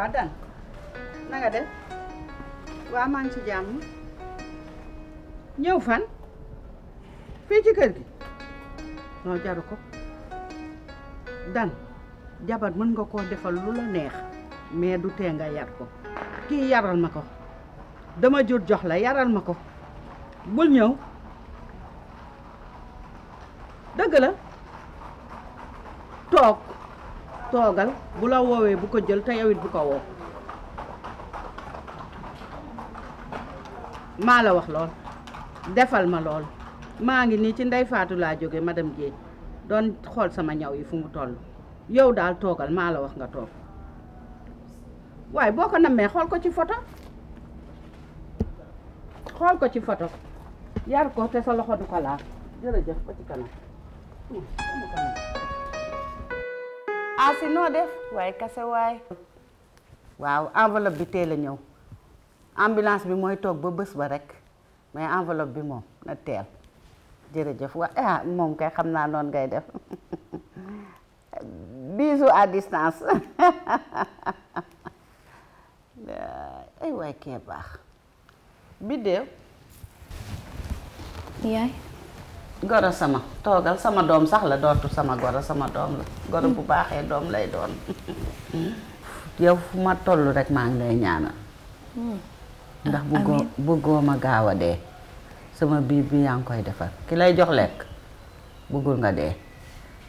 waaw dan na nga def waaw maa ngi ci jàmm fan fii ci kër gi noo jaru ko dan jabar mën nga koo defal lu la neex mais du tee nga yar ko kii yaral ma ko dama jur jox la yaral ma ko bul ñëw dëgg la toog toogal bu la woowee bu ko jël te yow it bu ko woo maa la wax lool defal ma lool maa ngi nii ci ndey faatu laa jóge ma dem Dieng doon xool sama ñaw yi fu mu toll yow daal toogal maa la wax nga toog waaye boo ko nammee xool ko ci foto xool ko ci photo yar ko te sa loxo du ko laal jërëjëf asi ah, noo def waaye kase waay waaw enveloppe bi teel a ñëw ambulance bi mooy toog ba bës ba rek mais enveloppe bi moom na teel jërëjëf wa ah moom kay xam naa noon ngay def bisous à distance ay baax bi goro sama toogal sama doom sax la dootu sama goro sama doom la goro bu baaxee doom lay doon yow fu ma tollu rek maa ngi lay ñaanal hmm. ndax bëggoo bëggoo ma gaaw a dee sama biir bi yaa ngi koy defar ki lay jox lekk bëggul nga dee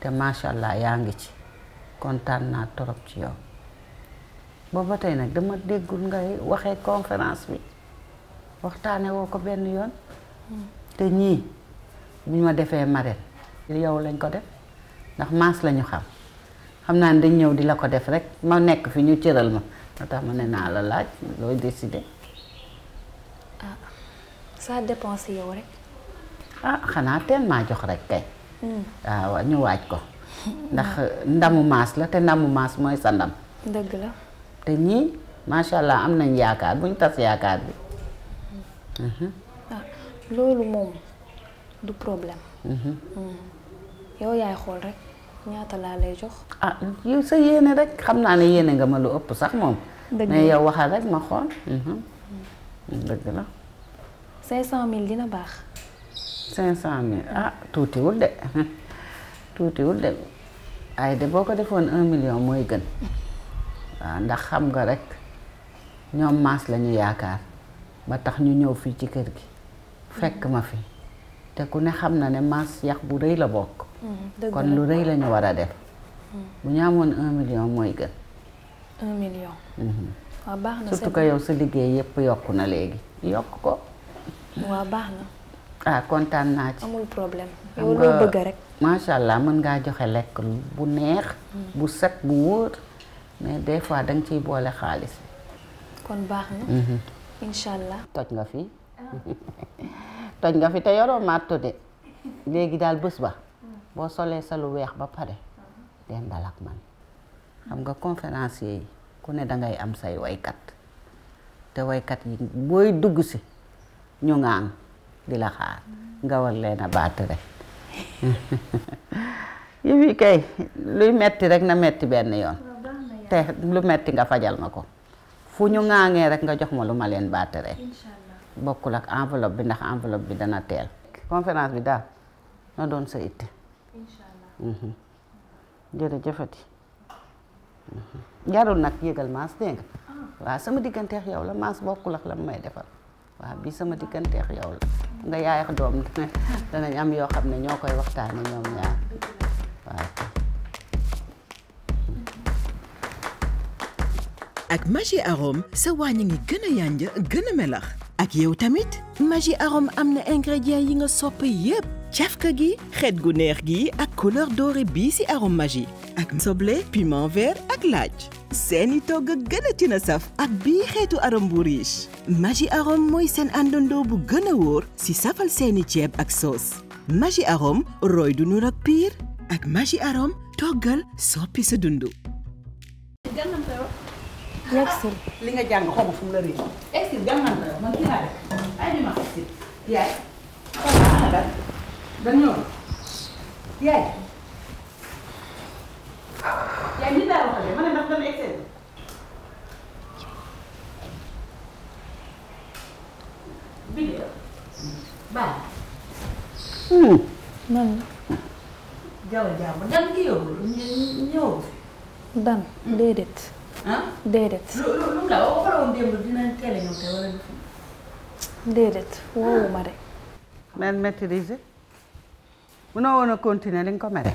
te macha allah yaa ngi ci kontaan naa torop ci yow booba nag dama déggul ngay waxee conférence bi waxtaane woo ko benn yoon hmm. te ñii bu ma defee marraine yow lañ ko def ndax maas lañu xam xam naa ne dañ ñëw di la ko def rek ma nekk fi ñu cëral ma moo tax ma ne naa la laaj looy décider. ah ça dépend si yow rek. ah xanaa teen maa jox rek kay. Hmm. Ah, waaw ñu waaj ko. ndax ndamu maas la te ndamu maas mooy sa ndam. dëgg la. te ñii macha allah am nañ yaakaar buñ tas yaakaar bi. Hmm. Ah, loolu moom. du problème. Mm-hmm. yow yaay xool rek ñaata laa lay jox. ah yow sa yéene rek xam naa ne yéene nga ma lu ëpp sax moom. dëgg mais yow waxal rek ma xool. Mm-hmm. Mm, dëgg la. 500000 dina baax. 500000 ah tuutiwul de tuutiwul de ay de boo ko defoon 1 million mooy gën waaw ah, ndax xam nga rek ñoom maas lañu yaakaar ba tax ñu ñëw fii ci kër gi fekk ma fi. te ku ne xam na ne masse yàq bu rëy la bokk. Mm-hmm. kon lu rëy lañu ñu war a def. Mm-hmm. bu ñu amoon un million mooy gën. un million. Mm-hmm. waaw baax na surtout que sa liggéey yëpp yokku na léegi yokk ko. waaw baax na. Ah, kontaan naa ci. amul problème yow loo bëgg rek. macha allah mën ngaa joxe lekk bu neex. bu set bu wóor. mais des fois da nga ciy boole xaalis. kon baax na. incha allah. toj nga fi. Ah. toj nga fi te yoroo màttu de léegi daal bés ba boo solee sa lu weex ba pare den dal man xam nga conférencier yi ku ne dangay am say woykat te woykat yi booy dugg si ñu ŋaan di la xaar nga war leen a baat rek kay luy metti rek na metti benn yoon te lu metti nga fajal ma ko fu ñu ŋaangee rek nga jox ma lu ma leen baat bokkul ak enveloppe bi ndax enveloppe bi dana teel. conférence bi daal na doon sa itte. incha allah. Mhm. jërëjëfati. Mhm. jarul nag yëgal maas dégg nga. Ah. sama digganteex yow la maas bokkul ak la may sama digganteex yow nga yaay doom am yoo xam ne ñoo koy sa waañ ngi gën a yànj gën a melax. ak yow tamit Maggi arôme am na ingrédients yi nga sopp yépp cafka gi xeet gu neex gi ak couleur doore bii ci arôme Maggi ak soble piment vert ak laaj seeni togg gën a saf ak bi xeetu arôme bu riche Maggi arôme mooy seen àndandoo bu gën a wóor ci safal seeni ceeb ak soos Maggi arôme roy du nur ak piir ak Maggi arôme toggal soppi sa dundu yegsil li nga jàng xaw ma la réer. yegsil gànnaaw la man kii ma yegsil. yaay xaw yaay yaay nit laa waxee ma ne ndax dana yegsil. bi dan ki déedéet. lu lu la waroon de. mel maîtriser munoo woon a continuer li nga ko mere.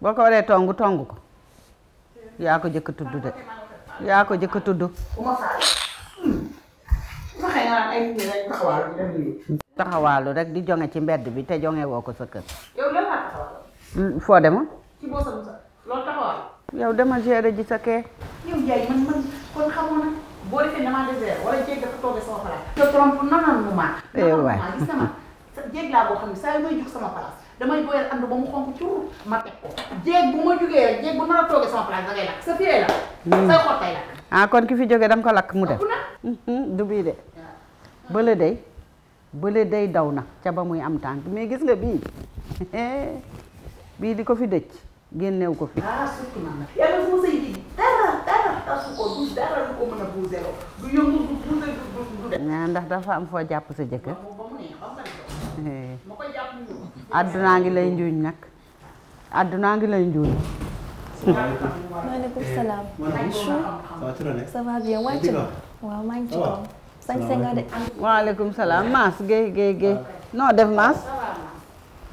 boo ko waree tongu tongu ko. yaa ko jëkk tudd de. yaa ko jëkk tudd. taxawaalu rek di jonge ci mbedd bi te jonge woo ko sa foo demoon. ci boppam sax loolu taxawal. yow bu ma jugee jéeg bu nar a toogee sama place sa fiyee hmm. ah kon ki fi jóge dama ko lakk mu dem. Mm-hmm, du bii de. bële day daw na caba ba muy am tànk mais gis nga bii. bii di ko fi dëj génnew ko fi. ah surtout man la yàlla fu ma ndax dafa am foo jàpp sa jëkkër. Eh. ma ko jàpp lay njuuñ nag àddunaa ngi lay njuuñ. maaleykum salaam. Eh, ça va bien wàcc na sañ sa de. waaleykum salaam Maas Guèye Guèye noo def Maas.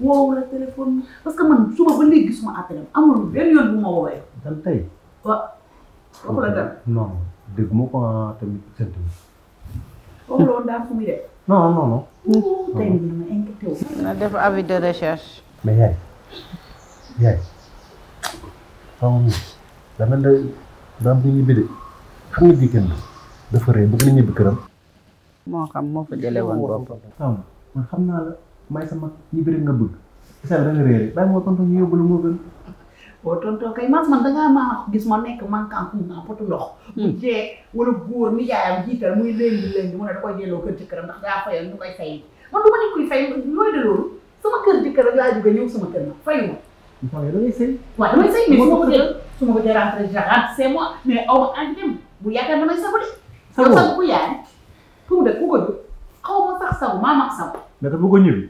waaw la téléphone parce que man ba léegi suma appel amul benn yoon bu ma woowee. dal tey. waaw la dal. non dégg ma ko ah, tamit sant bi. waxu la woon ma yaay yaay xaw ma dama ne dama ñibbi de xam nga jigéen bi dafa rëy bëgg na ñibbi këram. moo xam moo fa jëlee woon boppam. man xam naa la. may sa mag ñi bëri nga bëgg isab da nga réeré bàyyi moo tonton ñu yóbbu la moo gën boo tonton kay man man dangaa maa gis ma nekk manquant pour ma potu ndox mu hmm. jee wala góor ni yaayam jiital muy léegi léegi mu ne da koy delloo kër jëkkëram ndax daa fayal ñu koy fay man du ma nit kuy fay looy de loolu sama kër jëkkëram laa jóge ñëw sama kër nag fayu ma waaw da ngay sëy waaw damay sëy mais su ma ko jël su ma ko jël rentré jarat c'est moi mais aw ma en dem bu yaakaar damay sabu de sa sabu bu yaay tuude ku ko jóg xaw ma sax sabu maa mag sabu mais bu ko ñëwee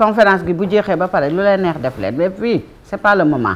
conférence bi bu jeexee ba pare lu lay neex def leen mais fii c'est pas le moment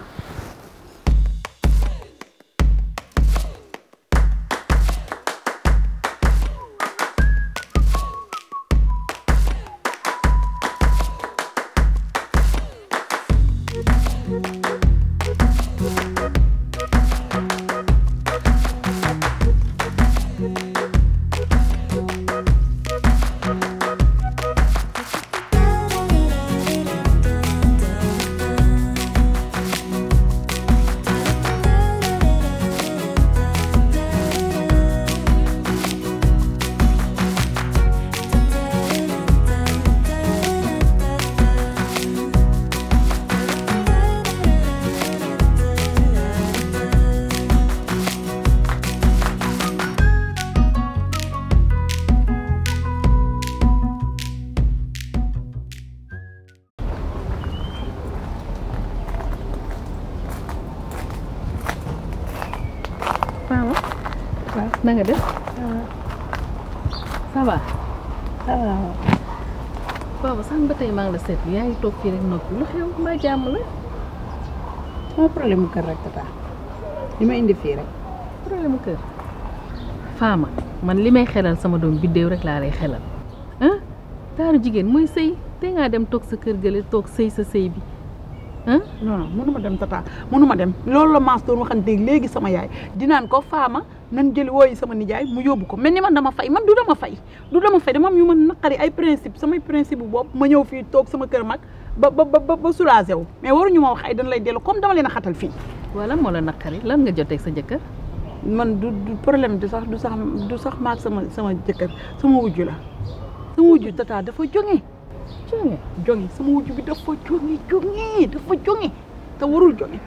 ça va. ça va. ba tey maa ngi la set yaa ngi toog fii rek noppi lu xew mbaa jàmm la. sama problème mu kër rek tata li ma indi fii rek. problème kër. Fama man li may xelal sama doom biddéew rek laa lay xelal taaru jigéen mooy sëy te ngaa dem toog sa kër gële toog sëy sa sëy bi. ah non non dem tata mënu dem loolu la Mass doon waxante léegi sama yaay dinaan ko faama nan jël wooyi sama nijaay mu yóbbu ko mel ni man dama fay man du dama fay du dama fay dama am yu ma naqari ay principe samay principe bu bopp ma ñëw fii toog sama kër mag ba ba ba ba soulagé wu mais waruñu ma wax ay dañ lay dellu comme dama leen a xatal fii. wala moo la naqari lan nga jotee sa jëkkër. man du du problème du sax du sax du sax maag sama sama jëkkër sama wujju la sama wujju tata dafa jóge. jóge jóge sama wujju bi dafa jóge jóge dafa jóge te warul jóge.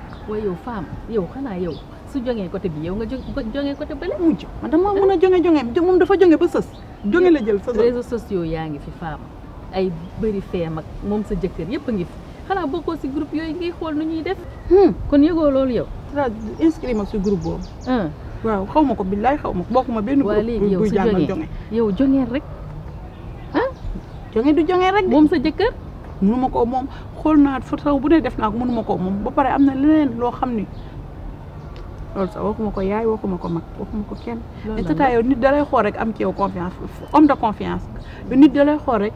yow femme yow xanaa yow. su jógee côté bi yow nga jógee côté bële mujj man dama mën a jóge jóge moom dafa jóge ba sës jóge la jël sës réseaux sociaux yaa ngi fi faam ay bëri feem ak moom sa jëkkër yëpp a ngi fi xanaa bokkoo si groupe yooyu ngay xool nu ñuy def hmm. kon yëgoo loolu yow inscrit ma si groupe boobu ah. waaw xaw ma ko billaay xaw ma ko bokkuma benn groupe buy jàngal jóge yow jógeen rek ah jóge du jóge rek moom sa jëkkër mënuma koo moom xool naa fa taw bu ne def naa ko mënuma koo moom ba pare am na leneen loo xam ni loolu sax waxuma ko yaay waxuma ko mag waxuma ko kenn. loolu tata yow nit dalay xool rek am ci yow confiance homme de confiance nit dalay xool rek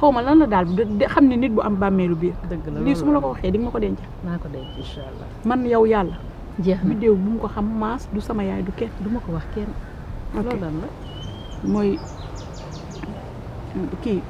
xaw ma lan la daal de xam ne nit bu am bàmmeelu biir. dëgg la lii su ma la ko waxee di nga ma ko denc. naa ko denc incha allah man yow yàlla. jeex na vidéo bu mu ko xam maas du sama yaay du kenn du ma ko wax kenn. loolu la mooy kii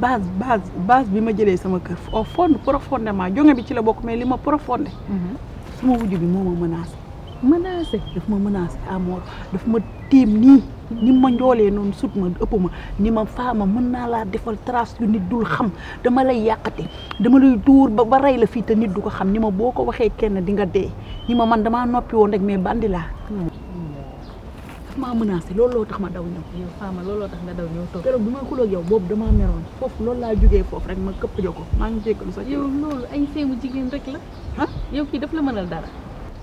base base base bi ma jëlee sama kër au fond profondément jonge bi ci la bokk mais li ma profondé. Mhm. suma wujj bi moo ma menacé. menacé daf ma menacé à mort daf ma tiim nii ni ma njoolee noonu sut ma ëpp ma ni ma faama mën naa laa defal trace yu nit dul xam dama lay yàqate dama lay duur ba ba rey la fii te nit du ko xam ni ma boo ko waxee kenn di nga dee ni ma man damaa noppi woon rek mais bandi laa daf maa loolu loo tax ma daw ñëw. yow faama looloo tax nga daw ñëw toog. keroog bi may yow boobu damaa meroon foofu loolu laa jógee foofu rek ma këpp jo ko maa ngi jéggalu sax yow loolu ay seemu jigéen rek la ah yow kii daf la mënal dara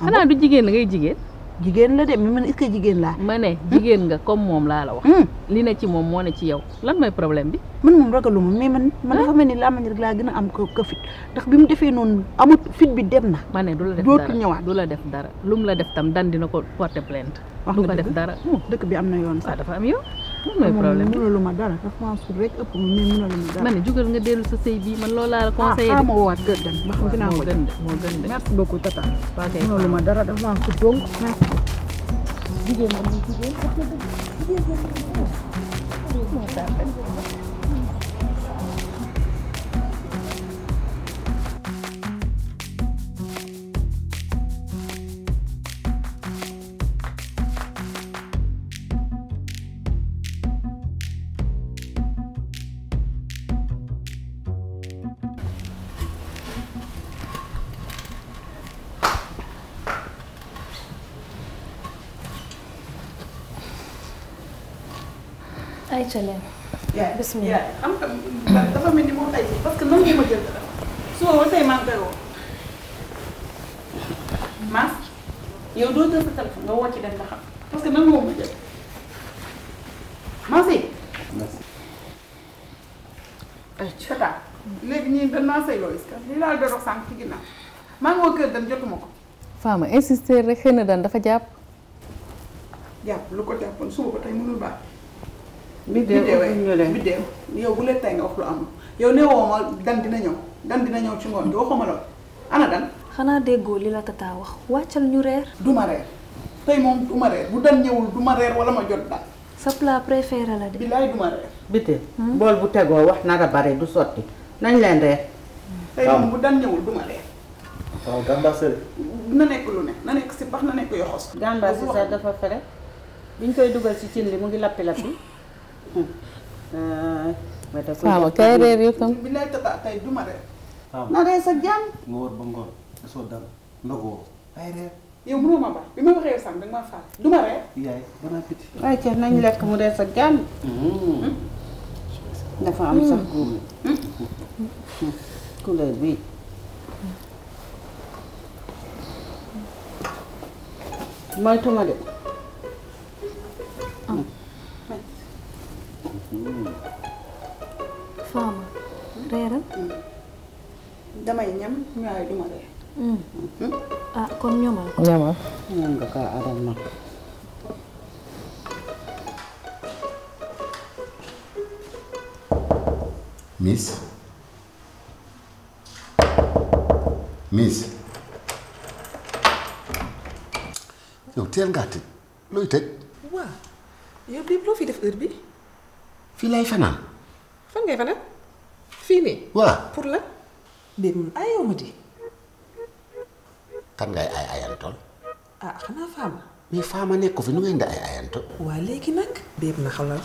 xanaa du jigéen la ngay jigéen. jigéen la de mais man est-ce jigéen laa. ma ne hmm? jigéen nga comme moom laa la wax. Hmm. li na ci moom moo ne ci yow lan may problème bi. man moom ragaluma mi man. man ah? dafa mel ni laa man rek laa gën a am ko ko fit ndax bi mu defee noonu amut fit bi dem na. ma ne du la def dara dootu ñëwaat la def dara. lu la def tam dan dina ko porter plainte. wax du ko def dara. Hmm, dëkk bi am na yoon sax ah, dafa am yoon. lan mooy problème ma dara dafa maa suul rek ëpp ma mais mënalu ma dara. ma ne jugal nga dellu sa sëy bii man loolaa la ah, conseillé. ah ah ma woowaat gën dem ba xam dinaa ko dem moo gën tata. waa kay mënalu ma dara dafa maa suul donc ay ca leen. xam nga dafa mel ni moom ay parce que nangu ma jël dara su ma tey maa ngi doo jël sa téléphone nga woo ci dem nga xam parce que nan moo ma jël Massi. merci. tata léegi ñii dañ maa ngi woo kër dem jotuma ko. Fama insister rek xëy daan dafa jàpp. jàpp lu ko jàppoon suba ba tey mënul baax. biddéew biddéew eh, yow bu leen tey nga wax lu am yow ne woo ma dan dina ñëw dan dina ñëw ci ngoon gi waxuma lool ana dan xanaa déggoo li la tata wax wàccal ñu reer du ma reer tey moom du reer bu dan ñëwul du ma reer wala ma jot dan sa plat préféré la de billaay du ma reer biddéew hmm? bool bu tegoo wax nara bare du sotti nañ leen reer tey moom bu dan ñëwul du ma reer waaw gàmbaase na nekk lu ne na nekk si bax na nekk yoxos gàmbaase sax dafa fere biñ koy dugal ci cin li mu mais hm. da eh, koy faama kay reer yow tam. na reer sa jàmm. nga reer. waaye ca nañ lekk mu reer sa jàmm. Hmm. Hm. dafa am sax góob hmm. couleur bi. moytu ma de. faama reeral damay ñam waaye duma reer mm. mm-hmm. ah kon ñamal ñamal ñam nga yow teel ngaa tëj looy tëj yow bii loo fi def heure bi fii lay fanaan. fan ngay fanaan fii nii. waaw pour la. dégg nga ayoo ma di. kan ngay ay ayantol. ah xanaa faama. mais faama nekk fi nu ngeen di ay ayantol. waa léegi nag. béeb na xalal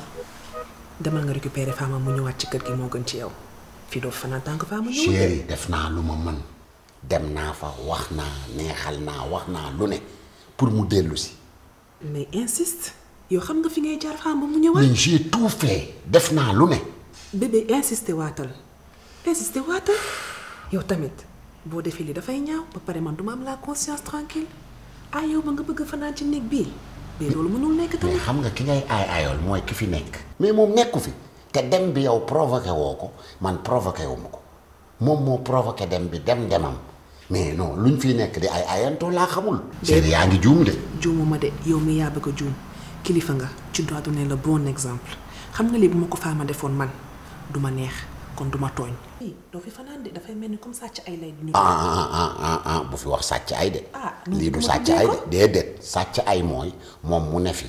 demal nga récupérer faama mu ñëwaat ci kër gi moo gën ci yow fii doo fanaan tànk faama. ñëw def naa lu ma man dem naa fa wax naa neexal naa wax naa lu ne pour mu dellusi yow xam nga fi ngay jaar femme ba mu ñëwaat. mais j'ai tout fait def naa lu ne. bébé insisté waatal insisté waatal yow tamit boo defee li dafay ñaaw ba pare man duma am la conscience tranquille ah yow nga bëgg fanaan ci néeg bii mais loolu mënul nekk xam nga ki ngay aay aayool mooy ki fi nekk. mais moom nekku fi te dem bi yow provoqué woo ko man provoqué wu ko moom moo provoqué dem bi dem demam. mais non luñ fiy nekk di ay ayantoo laa xamul. déedéet yaa ngi juum de. ma de yow mi yaa bëgg a juum. kilifa nga ci doit donner le bon exemple xam nga lii bu ma ko faama defoon man du ma neex kon du ma tooñ. doo dafay mel ni comme sàcc ay lay. Ah ah ah, ah ah ah bu fi wax sàcc ay de. lii du sàcc ay de déedéet sàcc ay mooy moom mu ne fi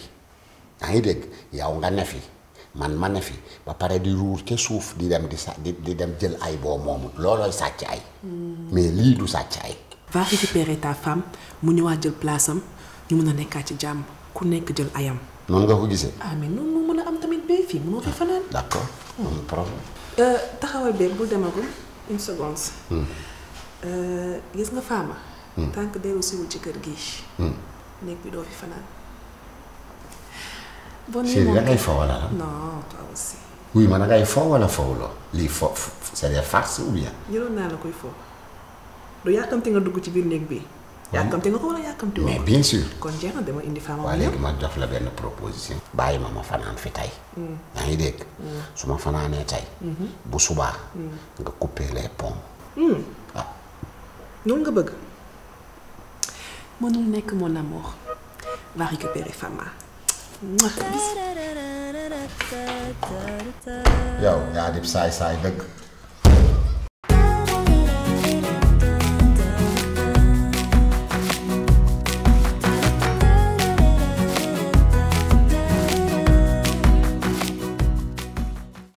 yaa ngi dégg yow nga nefi man ma nefi fi ba pare di ruur ca suuf di dem di sa di dem jël ay boo moomu loolooy sàcc ay. Hmm. mais lii du sàcc ay. va récupérer ta femme mu ñëwaat jël place ñu mun a nekkaat ci jàmm. ku nekk jël ayam. noonu nga ko gisee. ah noonu moo mën a am tamit bee fii mënoo fi fanaan. Hmm. Euh, taxawal bee bul demagul une seconde. Hmm. Euh, gis nga faama. Hmm. tant que dellu siwul ci kër gi. néeg bi doo fi fanaan. bon nii moom dangay fo wala la. non lii fo c'est des farces ou bien. naa la koy fo du yàkkamti nga dugg ci biir néeg bi. yàkkamti nga ko wala yàkkamti mais bien sûr. kon jeex na dama indi femme. waaw léegi ma jox la benn proposition. bàyyi ma ma fanaan fi tey. Mm. yaa ngi dégg. Mm. su ma fanaanee tey. Mm-hmm. bu subaa. Mm. nga couper les ponts. Ah. noonu nga bëgg. mënul nekk mon amour. va récupérer Fama. yow yaa dib saay saay dëgg.